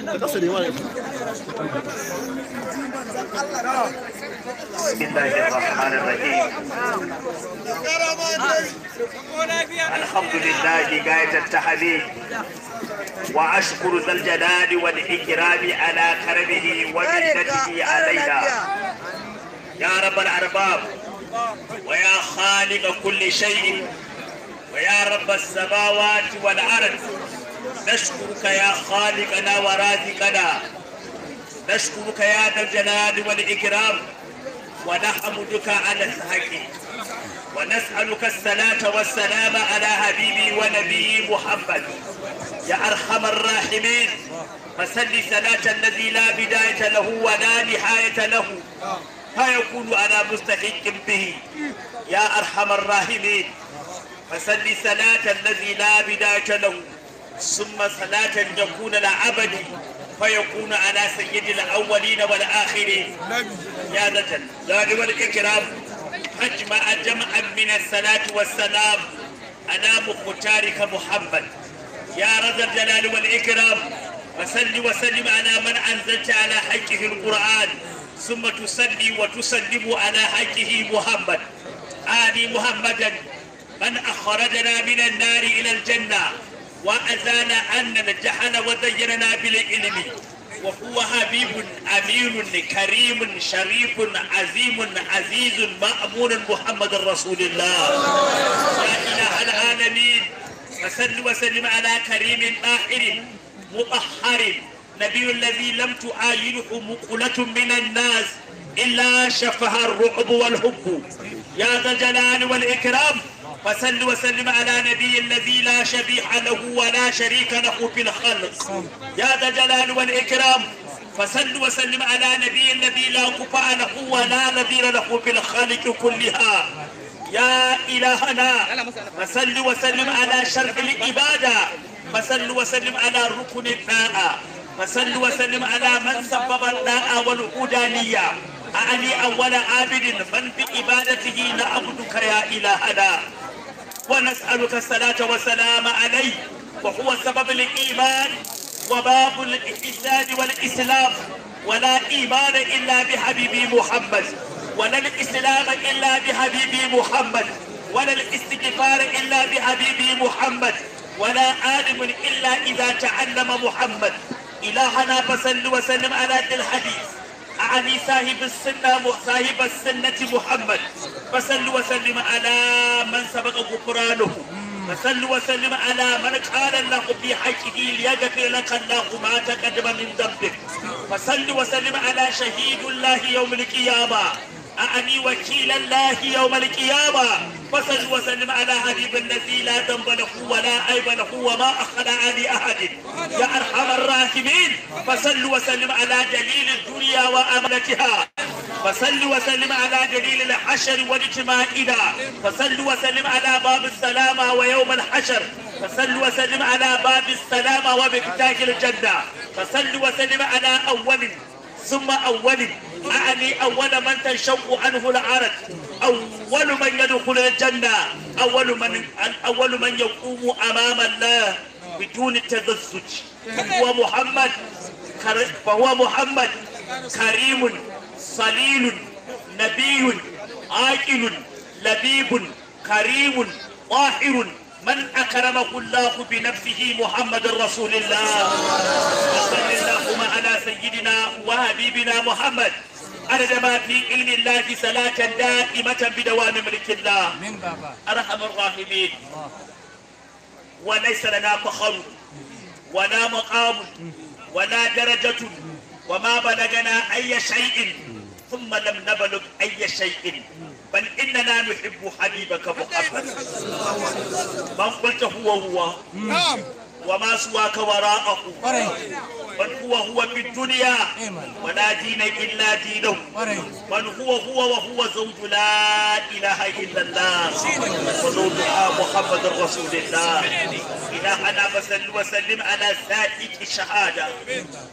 بسم الله الرحمن الرحيم الحمد لله غاية التحميد وأشكر ذا الجلال والإكرام على كرمه ومنته علينا يا رب الأرباب ويا خالق كل شيء ويا رب السماوات والأرض نشكرك يا خالقنا ورازقنا نشكرك يا ذا الجلال والإكرام ونحمدك على الحق ونسألك الصلاة والسلام على حبيبي ونبي محمد يا أرحم الراحمين فسل صلاة الذي لا بداية له ولا نهاية له فيكون على مستحق به يا أرحم الراحمين فسل صلاة الذي لا بداية له ثم صلاة تكون لعبد فيكون على سيد الأولين والآخرين زيادة ذلك والإكرام أجمع جمعا من الصلاة والسلام على مختارك محمد يا رضا الجلال والإكرام وسل وسلم على من أنزلت على حقه القرآن ثم تصلي وتسلم على حقه محمد آل محمدا من أخرجنا من النار إلى الجنة وأزال عنا الجهل وزيننا بالعلم وهو حبيب أمين كريم شريف عظيم عزيز مأمون محمد رسول الله يا إله العالمين وسل وسلم على كريم طاهر مطهر نبي الذي لم تعاينه مقلة من الناس إلا شفها الرعب والحب يا ذا الجلال والإكرام فسل وسلم على نبي الذي لا شبيح له ولا شريك له في الخلق يا ذا الجلال والإكرام فصل وسلم على نبي الذي لا كفاء له ولا نذير له في الخلق كلها يا إلهنا فصل وسلم على شرف الإبادة فصل وسلم على ركن الطاعة فصل وسلم على من سبب الطاعة والعبودانية أعني أول عابد من بإبادته لعبدك يا إلهنا ونسألك الصلاة والسلام عليه وهو سبب الإيمان وباب الإسلام والإسلام ولا إيمان إلا بحبيبي محمد ولا الإسلام إلا بحبيبي محمد ولا الاستغفار إلا بحبيبي محمد ولا عالم إلا إذا تعلم محمد إلهنا فصل وسلم على الحديث علي صاحب السنة صاحب السنة محمد فصل وسلم على من سبق قرانه فصل وسلم على من قال الله في حقه ليغفر لك الله ما تقدم من ذنبك فصل وسلم على شهيد الله يوم القيامة أعني وكيل الله يوم القيامة فصل وسلم على حبيب الذي لا ذنب له ولا عيب له وما أخلى عن أحد يا أرحم الراحمين فصل وسلم على جليل الدنيا وأمانتها فصل وسلم على جليل الحشر والاجتماع إذا فصل وسلم على باب السلامة ويوم الحشر فصل وسلم على باب السلامة وبكتاج الجنة فصل وسلم على أول ثم أول أعني أول من تنشق عنه العرق أول من يدخل الجنة أول من أول من يقوم أمام الله بدون تذسج فهو محمد فهو محمد كريم صليل نبي عاقل لبيب كريم طاهر من أكرمه الله بنفسه محمد رسول الله وصل اللهم على سيدنا وحبيبنا محمد أنا ما في علم الله صلاة دائمة بدوام ملك الله أرحم الراحمين وليس لنا فخر ولا مقام ولا درجة وما بلغنا أي شيء ثم لم نبلغ أي شيء بل إننا نحب حبيبك محمد من قلت هو هو نعم. وما سواك وراءه من هو هو في الدنيا ولا دين إلا دينه من هو هو وهو زوج لا إله إلا الله وزوج محمد رسول الله إلهنا فسل وسلم على سائق الشهادة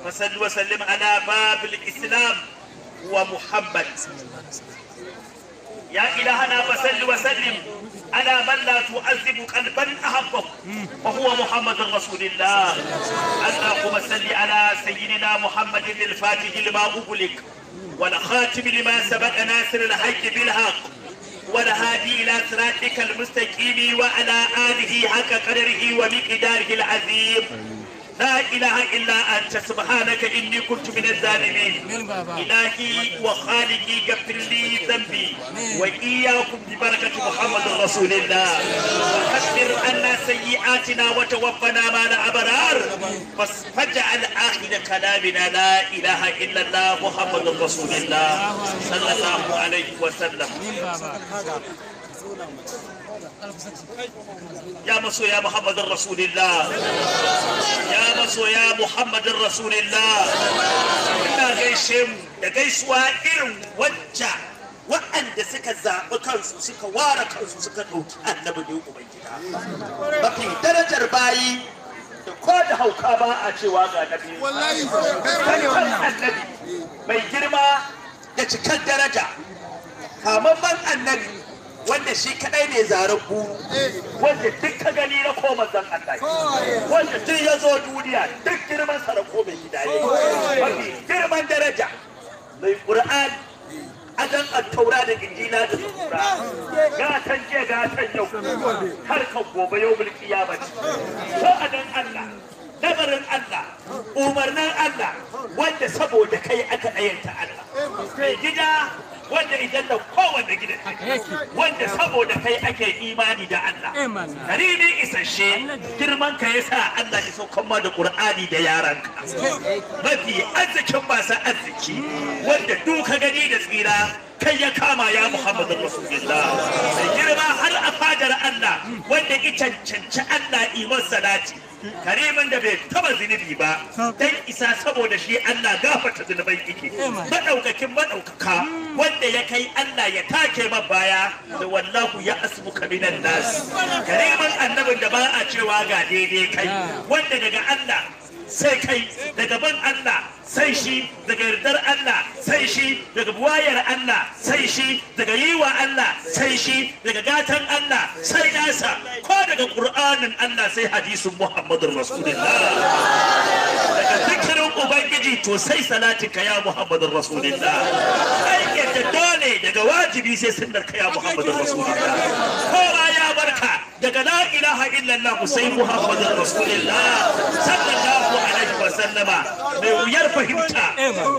فسل وسلم على باب الإسلام ومحمد يا إلهنا فسل وسلم على من لا تعذب قلبا أحبه وهو محمد رسول الله اللهم صل على سيدنا محمد الفاتح لما أغلق والخاتم لما سبق ناصر الحق بالحق والهادي إلى صراطك المستقيم وعلى آله حق قدره ومقداره العظيم لا إله إلا أنت سبحانك إني كنت من الظالمين إلهي وخالقي غفر لي ذنبي وإياكم ببركة محمد رسول الله وكفر عنا سيئاتنا وتوفنا مع الأبرار فاجعل آخر كلامنا لا إله إلا الله محمد رسول الله صلى الله عليه وسلم يا مسو يا محمد رسول الله يا مسو محمد رسول الله ina gaishe mu da gaisuwa irin wacce waɗanda suka zaɓi kansu suka ware kansu suka ɗauki annabi ne ba. mafi darajar bayi da ko da hauka ba a cewa ga nabi wallahi annabi mai girma da cikar daraja Kamar ban annabi wanda shi kadai ne zarar buru wanda duk ka gani na koma zan Allah wanda tun ya zo duniya duk girman sa da gida ne mafi girman daraja mai qur'an adan attaura da injila da sura gatan je gatan yau har ka gobe yau mulki ya bace ko adan Allah nazarin Allah umarnin Allah wanda saboda kai aka ayanta Allah mai gida wanda idan da kowanne gidan wanda saboda kai ake imani da Allah dalilin isasshe girman ka ya sa Allah ya saukan ma da Qur'ani da yaran ka mafi arzikin masu arziki wanda duka gani da tsira kai ya kama ya Muhammadu Rasulullah girma har a fadar Allah wanda ita cancanci Allah iman salati kareman da bai taba zunubi ba dan isa saboda shi Allah gafarta zunubai yake madaukakin madaukaka hmm. wanda ya kai Allah ya take man baya da wallahu ya asbu minan nas kareman annabin da ba a cewa ga daidai kai wanda daga Allah sai kai daga ban Allah sai shi daga yardar Allah sai shi daga buwayar Allah sai shi daga yiwa Allah sai shi daga gatan Allah sai nasa ko daga Qur'anin Allah sai hadisin Muhammadur Rasulullah daga fikirin Ubangiji to sai salatin kaya ya Muhammadur Rasulullah sai yadda dole daga wajibi sai sunnar ka ya Muhammadur Rasulullah albarka daga la ilaha illallah sai muhammadin rasulullah sallallahu alaihi wa sallama mai wuyar fahimta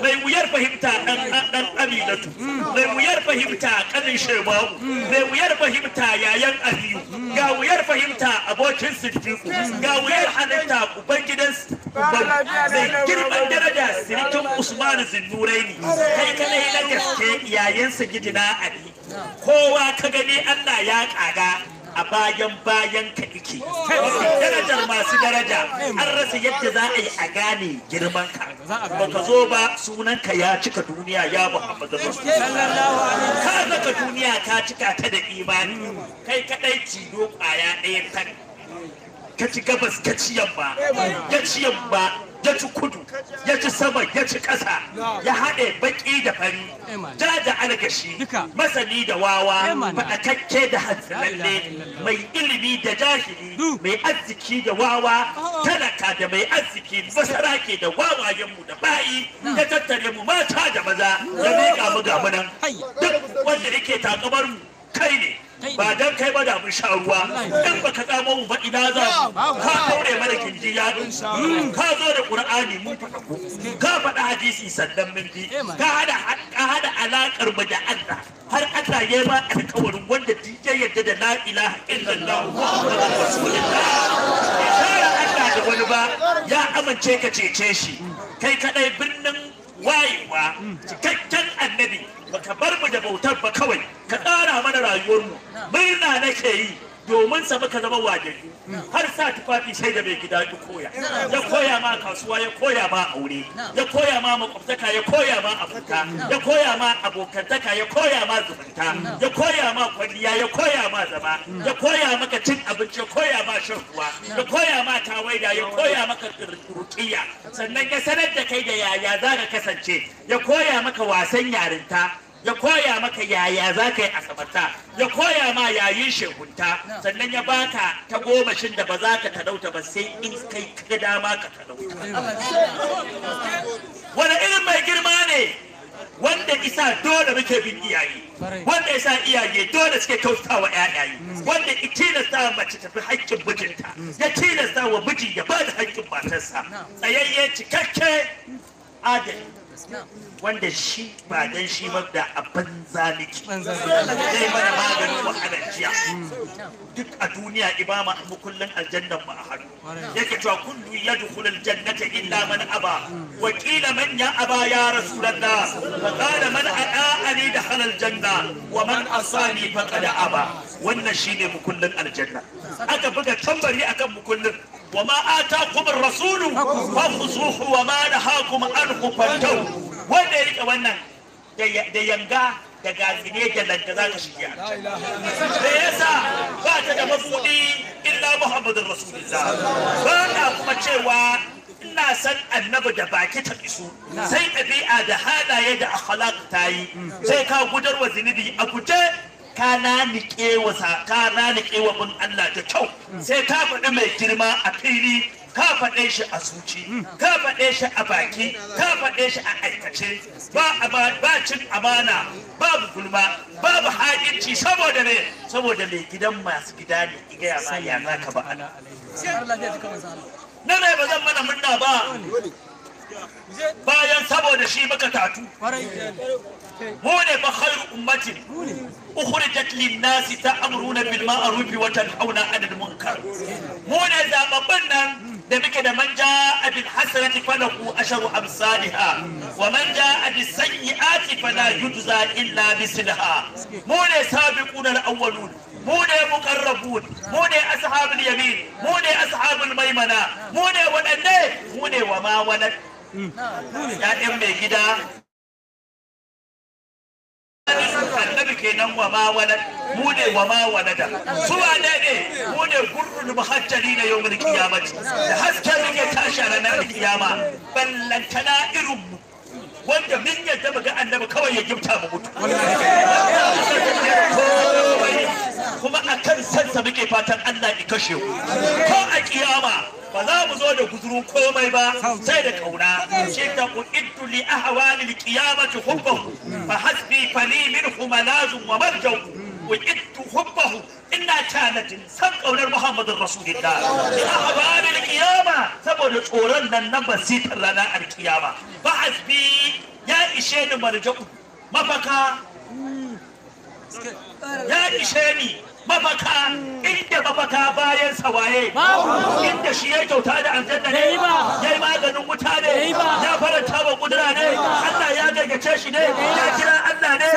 mai wuyar fahimta dan dan aminatu mai wuyar fahimta kanin shebau mai wuyar fahimta yayan aliyu ga wuyar fahimta abokin siddiqu ga wuyar halitta uban gidan mai girman daraja sirikin usman zinnuraini kai kadai na gaske yayansa gidina ali kowa ka gani allah ya kaga a bayan bayan ka ike oh, oh, oh. darajar masu daraja an rasa yadda za a yi a gane girman ka baka zo ba sunan ka ya cika duniya ya Muhammadu sallallahu ka zaka duniya ta cika ta da imani kai kaɗai cido kwaya ɗaya ta ka ci gabas ka ci yamma eh, ka ci yamma ya ci kudu ya ci sama ya ci ƙasa ya haɗe baƙi da fari ja da algashi masani da wawa faɗakakke da hatsilalle mai ilimi da jahili mai arziki da wawa oh. talaka da mai arziki masarake da wawayenmu da bayi ya tattare mu mata da maza ya miƙa mu ga munan duk wanda yake takamar mu kai ne ba dan kai ba da abin sha ruwa in baka tsamo mu ba ina za ka daure mana kinji ya ka zo da qur'ani mun faɗa ko ka faɗa hadisi sannan mun bi eh, ka hada ka hada alakar mu da Allah har Allah ya ba alƙawarin wanda DJ yadda da la ilaha illallah muhammadur rasulullah ya Allah da wani ba ya amince ka cece shi kai kadai birnin wayewa cikakken annabi baka bar mu da bautar ba kawai ka ƙara mana rayuwarmu murna nake yi domin sa muka zama wajaju har sa tufafi sai da mai gida duk koya ya koya ma kasuwa ya koya ma aure ya koya ma makwabtaka ya koya ma abuta ya koya ma abokantaka ya koya ma zumunta ya koya ma kwalliya ya koya ma zama ya koya maka cin abinci ya koya ma shan ruwa ya koya ma tawaida ya koya maka rukiya sannan ya sanar da kai da yaya za ka kasance ya koya maka wasan yarinta ya koya maka yaya za ka yi asabarta ya koya ma yayin shekunta sannan ya baka ta gomashin da ba za ka talauta ba sai in kai ka dama ka talauta wani irin mai girma ne wanda isa dole muke bin iyaye wanda isa iyaye dole suke kyauta wa yayaye wanda ya tilasta mace tafi haƙƙin mijinta ya tilasta wa miji ya ba da haƙƙin matarsa tsayayye cikakke adali wanda shi ba dan shi ba a banza zaliki zai mana maganin wahalar jiya hmm. duk a duniya ibama mu kullun aljannan mu a hannu yake cewa ya yadkhulul jannata illa man aba Wakila qila man ya aba ya rasulullah wa qala man adaani dakhala aljanna wa man asani da aba wannan shine mu kullun aljanna aka buga tambari akan mu wa ma atakum rasulu fakhuzuhu wa ma nahakum anhu fantahu wanda ya wannan da yanga da gazine da lanta za ka shige da yasa ba ta da mafudi illa Muhammadu rasulullah ba na kuma cewa ina san annabi da baki ta isu sai ɗabi'a da halaye da akhlaq ta yi sai ka gudarwa zunubi a guje ka niƙe wa ka niƙe wa bin Allah ta kyau mm. sai ka faɗi mai girma a fili ka faɗe shi a zuci mm. ka faɗe shi a baki ka faɗe shi a aikace ba cin amana babu gulma babu hajinci saboda me saboda mai gidan masu gida ne ya ma ya zaka ba ana na ne ba zan mana murna ba bayan saboda shi muka tatu mu ne fa khairu ummatin ukhrijat lin nasi ta'muruna bil ma'ruf wa tanhauna 'anil munkar mu ne zababban nan da muke da manja ja'a bil hasanati falahu asharu amsalha wa man ja'a bis sayyi'ati fala yujza illa bislaha mu ne sabiquna al awwalun mu ne muqarrabun mu ne ashabul yamin mu ne ashabul maimana mu ne wadanne mu ne wa ma walad ya'yan mai gida annabi kenan wa ma walad mu ne wa ma walada su wane ne mu ne gurrul muhajjali na yawmul qiyamati da haske muke tashi ranar kiyama ballantana irin mu wanda mun yadda muga annabi kawai ya gifta mu mutu kuma a kan sansa muke fatan Allah ya kashe ku ko a kiyama ba za mu zo da guzurin komai ba sai da kauna shi ta ku iddu li ahwali al qiyamati hubbahu fa hasbi fali minhu malazun wa marjau wa iddu hubbahu ina tanadin san kaunar Muhammadin Rasulullah li ahwali al qiyama saboda tsoron nan na basitar ranar al qiyama fa hasbi ya ishe ni marjau mafaka ya ishe ni mafaka inda mafaka bayan sawaye inda shi ya kyauta da aljanna ne ya yi maganin wuta ne ya faranta wa kudura ne Allah ya gargace shi ne ya kira Allah ne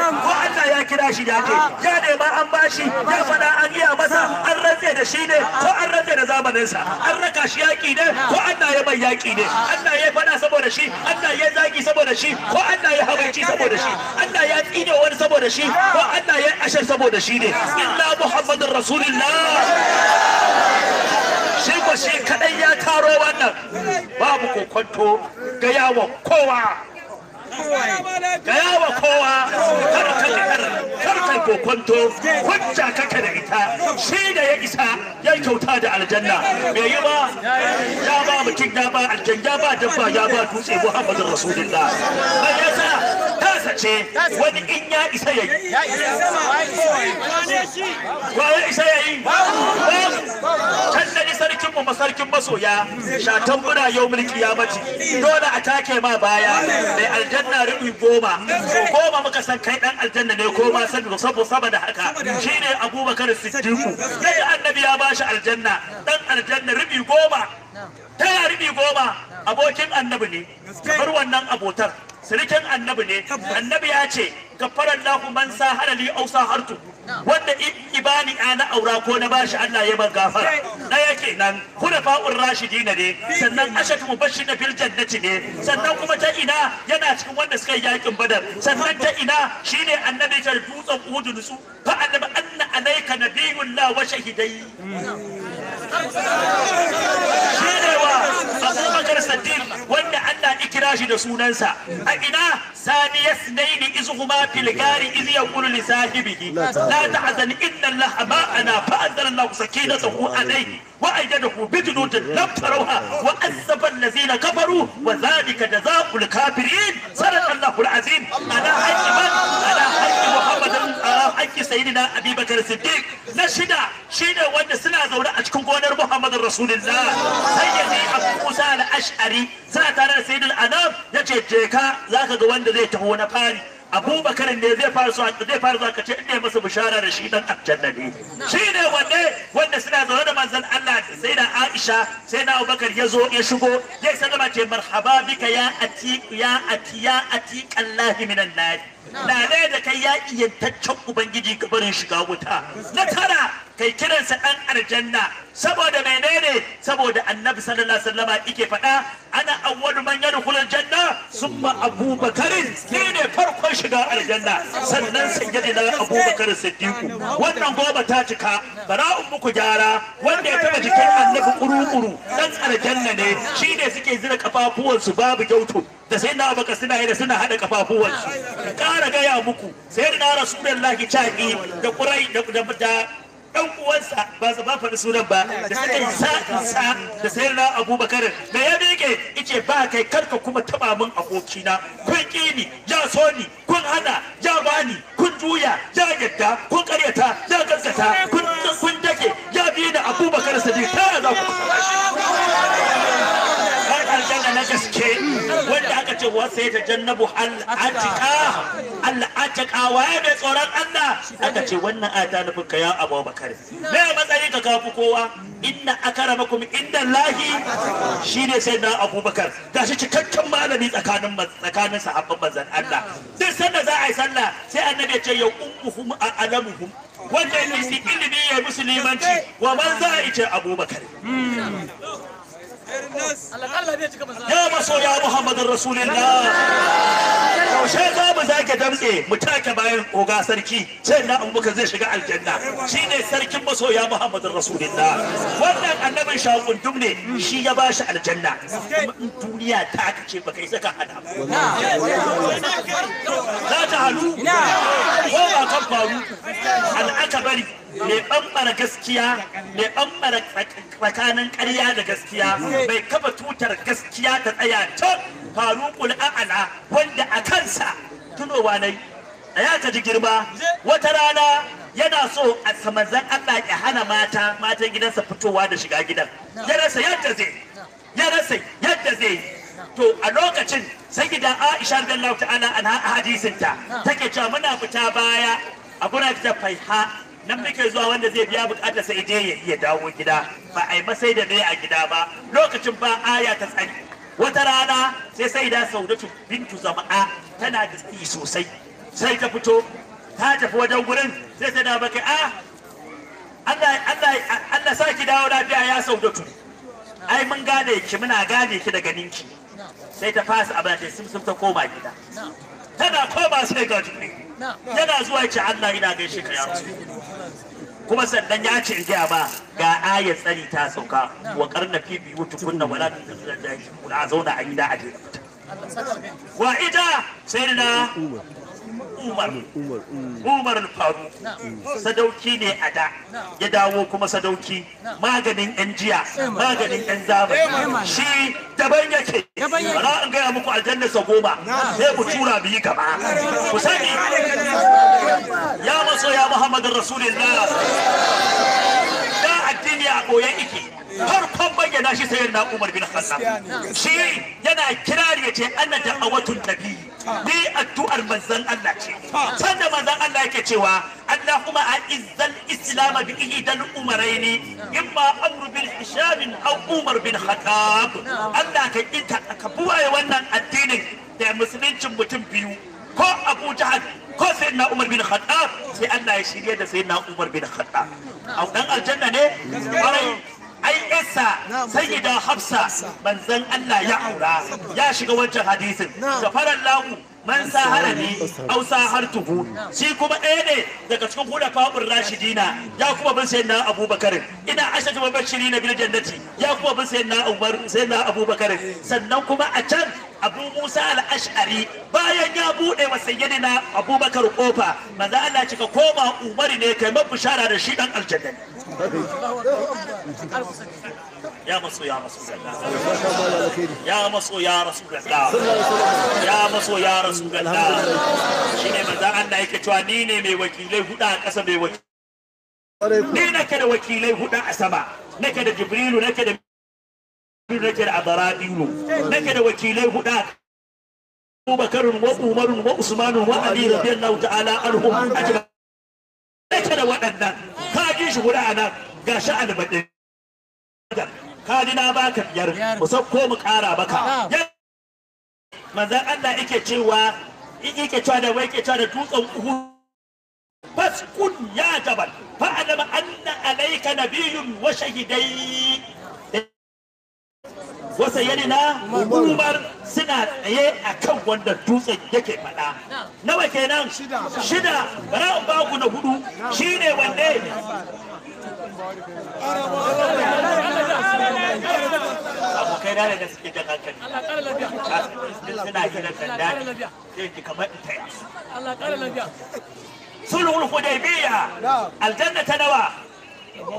ya kira shi yaƙi ya nema an bashi ya faɗa an yi a masa an rantse da shi ne ko an rantse da zamaninsa an raka shi yaƙi ne ko Allah ya mai yaƙi ne Allah ya faɗa saboda shi Allah ya zagi saboda shi ko Allah ya habaici saboda shi An ya tsine wani saboda shi ko Allah ya ashar saboda shi ne illa Muhammadun Rasulillah. shi ko shi kadai ya taro wannan babu kokonto ga yawon kowa gaya wa kowa karkar kokonto hujja kake da ita shi da ya isa ya kyauta da aljanna mai yi ba ya ba mutum ya ba aljanna ya ba dabba ya ba dutse muhammadin rasulullah a yasa tasa ce wani in ya isa ya yi ya isa ya yi can sarkin mu masoya shatan muna yau mulki ya mace dole a take ma baya mai aljanna aljanna rubi goma goma muka san kai dan aljanna ne ko ma san sabo saboda haka shine abubakar siddiqu sai annabi ya bashi aljanna dan aljanna rubi goma ta rubi goma abokin annabi ne kamar wannan abotar sirikin annabi ne annabi ya ce gafaran lahu man sa halali au sa hartu wanda ibani ana aura ko na bashi Allah ya ban gafara kenan hurafa'ur rashidin ne sannan ashatu mubashshir bil jannati ne sannan kuma ta ina yana cikin wanda suka yi yakin badar sannan ta ina shine annabi ta dutsen uhudu su fa annabi anna alayka nabiyullah wa shahidai wanda Allah ya kira shi da sunansa a ina ثاني اثنين إذ هما في الغار إذ يقول لصاحبه لا ana إن الله معنا فأنزل الله سكينته عليه وأيده بجنود لم تروها وأذب الذين كفروا وذلك جزاء الكافرين صدق الله العظيم على حق من على حق محمد على حق سيدنا أبي بكر الصديق نشد شيدا وأن سنا زولا أشكون قوانر محمد رسول الله سيدي أبو موسى الأشعري سنة سيد الأنام يجي جيكا ذاك قوان ذي تهون فاري abubakar ne zai fara zuwa zai fara zuwa kace in ne masa bishara da shi dan aljanna ne shi ne wanne wanda suna zaune da manzon Allah sai da Aisha sai da Abubakar ya zo ya shigo ya sallama ce marhaba bika ya ati ya ati ya Allah minan nar na da kai ya iyantaccen ubangiji ga barin shiga wuta na tara kai kiransa ɗan aljanna saboda menene saboda annabi sallallahu alaihi wasallama yake faɗa ana awwalu man yadkhul aljanna summa abubakar ne farkon shiga aljanna sannan na abubakar siddiq wannan goma ta cika bara'un muku gyara wanda ya taba jikin annabi kuru-kuru dan aljanna ne shine suke zira su babu gyautu da sai na baka suna yi da suna haɗa kafafuwan su ƙara gaya muku sai na rasulullahi ca'i da ƙurai da ɗan uwansa ba su ba faɗi sunan ba da suka yi sa'insa da sayar na abubakar da ya miƙe ice ba kai karka kuma taɓa min abokina kun ƙi ni ya so ni kun hana ya bani kun juya ya yadda kun ƙaryata ya gaskata kun dake ya biyu da abubakar sadiq ta za ku na gaske wanda aka ce wasa ya jannabu al'atika al'atika waye mai tsoron Allah aka ce wannan ata nufin ka ya Abu Bakar me matsayi ka kafu kowa inna akramakum inda lahi shine sai na Abu Bakar gashi cikakken malami tsakanin tsakanin sahabban manzon Allah duk sanda za a yi sallah sai annabi ya ce ya ummuhum alamuhum wanda ilimi ya musulmanci wa man za a ce Abu Bakar ya masoya muhammadin Rasulillah. yaushe za mu zage damtse mu take bayan oga sarki sai na abubakar zai shiga aljanna shine sarkin masoya muhammadin Rasulillah. wannan annabin shakundum ne shi ya ba shi aljanna duniya ta kace baka isa saka hada faru ko ba kan faru al'akabari mai bambara gaskiya mai bambara tsakanin karya da gaskiya mai kafa tutar gaskiya ta tsaya faru faruƙul a'ala wanda a kansa tunowa na ya ta ji girma wata rana yana so a samanzan Allah ya hana mata matan gidansa fitowa da shiga gidan ya rasa yadda zai ya rasa yadda zai to a lokacin sai da Aisha radiyallahu ta'ala anha hadisinta ah. take cewa muna fita baya a gura ta faiha nan muke zuwa wanda zai biya bukatar sai je ya iya dawo gida ba a yi masai da a gida ba lokacin ba aya ta tsari. wata rana sai sai da saudatu bintu zama'a tana da tsi sosai sai ta fito ta tafi wajen gurin sai ta da baka a ah, Allah Allah Allah saki dawo lafiya ya saudatu ai mun gane ki muna gane ki daga ninki. sai ta fasa abin ta sun ta koma gida tana koma sai ga jini yana zuwa ce Allah ina gaishe ka ya kuma sannan ya ce gaya ba ga ayat tsari ta sauka wa karna fi biyu tukunna wala da a zauna a gida a je wa ita sai da umar umar faru mm. sadauki ne a da ya dawo kuma sadauki maganin yan jiya maganin yan zamani shi daban yake ba an gaya muku aljanna sa goma sai ku tura biyi gaba ku sani ya maso masoya muhammadin rasulullah da addini a koyan iki farkon bayyana shi sai na Umar bin Khattab shi yana kirari yace anna da'awatun nabi ni addu'ar manzon Allah ce sanda manzon Allah yake cewa Allahumma a'izzal islam bi ihdal umaraini imma amru bil hisham aw umar bin khattab Allah ka ka buwaye wannan addinin da musuluncin mutum biyu ko Abu Jahal ko sayyidina Umar bin Khattab sai Allah ya shirye da sayyidina Umar bin Khattab a dan aljanna ne ai isa sayyida hafsa manzon Allah ya aura ya shiga wancan hadisin gafaran lahu man Hausa har tuhu shi kuma ɗaya ne daga cikin hulafa'ur rashidina ya kuma bin sayyidina abubakar ina aisha kuma na bil jannati ya kuma bin sayyidina umar sayyidina abubakar sannan kuma a can abu musa al-ash'ari bayan ya bude wa sayyidina abubakar kofa maza Allah cika koma umari ne kai mafi shara da shi dan aljanna يا مصو ya رسول الله يا مصو يا رسول الله يا مصو يا رسول الله cewa ni ne mai wakilai نمي a ƙasa قسم wakilai? ni nake da wakilai hudu a sama nake da jibrilu nake da nake da abaradilu nake da wakilai huda Abubakar wa Umar wa Usman wa Ali radiyallahu ta'ala anhum ajma nake da waɗannan ka ji shi guda nan gashi albadin ka ji na baka biyar mu ko mu ƙara baka manzan Allah yake cewa yake cewa da wai yake cewa da dutsen uhu faskun ya jabal fa'alama anna alayka nabiyyun wa shahidai wasa yadina umar suna tsaye a kan wanda dutsen yake faɗa nawa kenan shida bara baku na hudu shine wanne abokai na da suke da hankali suna kiran sanda zai ki kamar ita ya sulhul hudaybiya aljanna ta nawa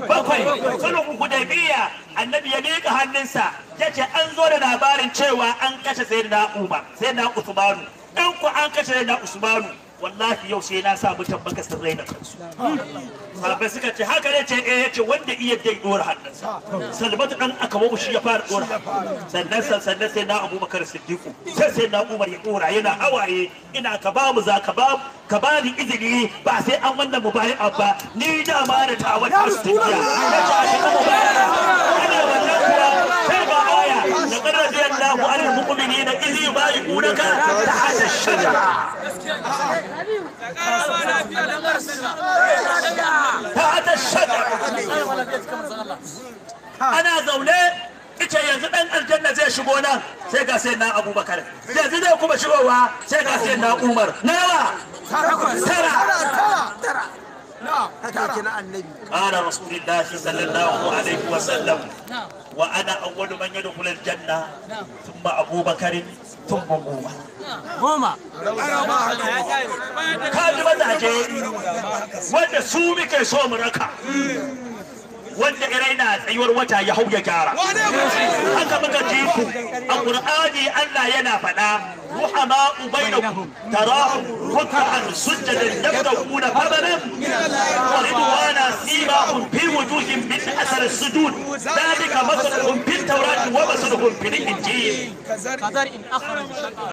bakwai sulhun hudaybiya annabi ya miƙa hannunsa ya ce an zo da labarin cewa an kashe sayyidina umar sayyidina usmanu dan ku an kashe sayyidina usmanu wallahi yau sai na sa mutan baka su raina kansu suka ce haka ne ce eh yace wanda iya dai dora hannunsa salmatu dan aka babu shi ya fara dora sannan sannan sai na abubakar siddiqu sai sai na umar ya dora yana hawaye ina ka ba mu za ka ba ka ba ni izini ba sai an wannan mubayi'a abba ni da ma da tawa ta sunniya na ta ta mubayi'a ana wannan kuwa sai ba aya laqad radiyallahu anil mu'minin يبايعونك تحت الشجرة تحت الشجرة أنا زولي ita yanzu dan aljanna zai shigo nan sai ga sai na abubakar yanzu zai kuma shigowa sai ga sai na umar nawa tara قال رسول الله صلى الله عليه وسلم وانا اول من يدخل الجنه ثم ابو بكر tumɓa goma goma kaji mazaje wanda su muke so mu raka wanda ya raina tsayuwar wata ya hau ya gyara haka muka ji ku a qur'ani Allah yana faɗa ruhama ubainakum tarahu ruk'an sujadan yabtaquna fadlan wa ridwana simahum fi wujuhihim min athar as-sujud dhalika masaluhum fit tawrati wa masaluhum fil injil kazar in akhraj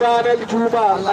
Darel Cuma